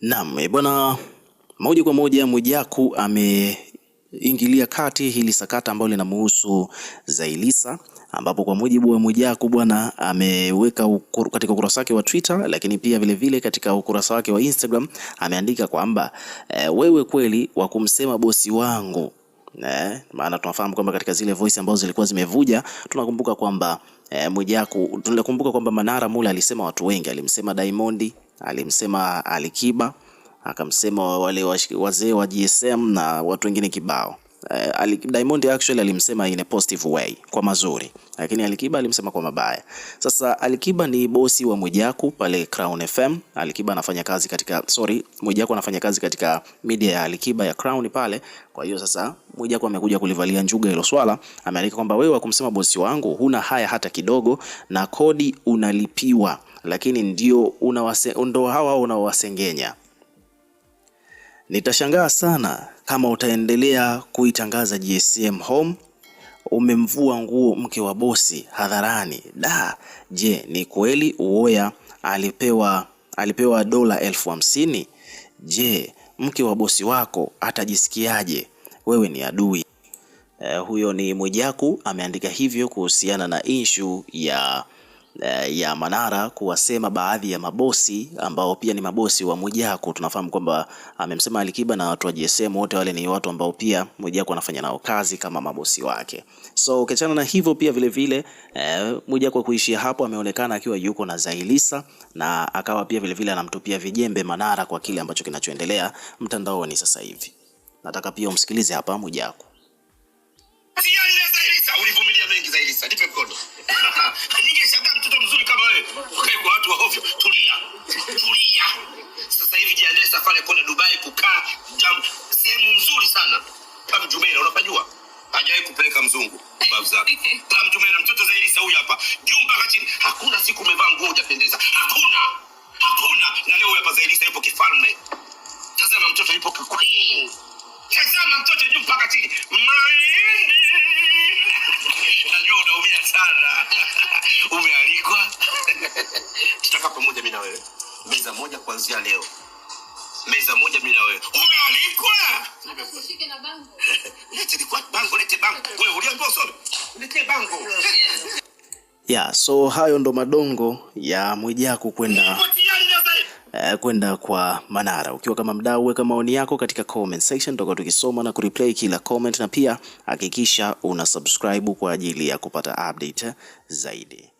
Naam, eh, bwana, moja kwa moja Mwijaku ameingilia kati hili sakata ambalo linamhusu Zailisa ambapo kwa mujibu wa Mwijaku bwana ameweka ukur, katika ukurasa wake wa Twitter, lakini pia vile vile katika ukurasa wake wa Instagram ameandika kwamba e, wewe kweli wa kumsema bosi wangu e, maana tunafahamu kwamba katika zile voice ambazo zilikuwa zimevuja tunakumbuka kwamba e, Mwijaku tunakumbuka kwamba Manara Mula alisema watu wengi, alimsema Diamond alimsema Alikiba, akamsema wale wazee wa GSM na watu wengine kibao. Eh, Diamond actually alimsema in a positive way kwa mazuri, lakini Alikiba alimsema kwa mabaya. Sasa Alikiba ni bosi wa Mwijaku pale Crown FM. Alikiba anafanya kazi katika sorry, Mwijaku anafanya kazi katika media ya Alikiba ya Crown pale. Kwa hiyo sasa Mwijaku amekuja kulivalia njuga hilo swala, ameandika kwamba wewe wa kumsema bosi wangu huna haya hata kidogo, na kodi unalipiwa lakini ndio unawase, ndo hawa unawasengenya. Nitashangaa sana kama utaendelea kuitangaza GSM Home. Umemvua nguo mke wa bosi hadharani. Da, je, ni kweli uoya alipewa alipewa dola elfu hamsini? Je, mke wa bosi wako atajisikiaje? Wewe ni adui. Uh, huyo ni Mwijaku ameandika hivyo kuhusiana na inshu ya Eh, ya Manara kuwasema baadhi ya mabosi ambao pia ni mabosi wa Mwijaku. Tunafahamu kwamba ah, amemsema Alikiba na watu wa GSM wote wale ni watu ambao pia Mwijaku anafanya nao kazi kama mabosi wake. So ukiachana na hivyo pia vilevile eh, Mwijaku kuishia hapo ameonekana akiwa yuko na Zailisa na akawa pia vilevile anamtupia vijembe Manara kwa kile ambacho kinachoendelea mtandaoni sasa hivi. Nataka pia umsikilize hapa Mwijaku. Pam Jumera, mtoto Zairisa huyu hapa, juu mpaka chini. Hakuna siku umevaa nguo hujapendeza, hakuna, hakuna. Na leo huyu hapa Zairisa yupo kifalme. Tazama mtoto yupo queen, tazama mtoto juu mpaka chini. Najua unaumia sana umealikwa. Tutakaa pamoja mimi na wewe, meza moja kuanzia leo meza moja mimi na wewe. Umealikwa. Sasa ushike na bango. Lete bango, lete bango. Wewe uliambiwa usome ya yeah, so hayo ndo madongo ya Mwijaku kwenda Uh, kwenda kwa Manara. Ukiwa kama mdau, weka maoni yako katika comment section, toka tukisoma na kureplay kila comment, na pia hakikisha una subscribe kwa ajili ya kupata update zaidi.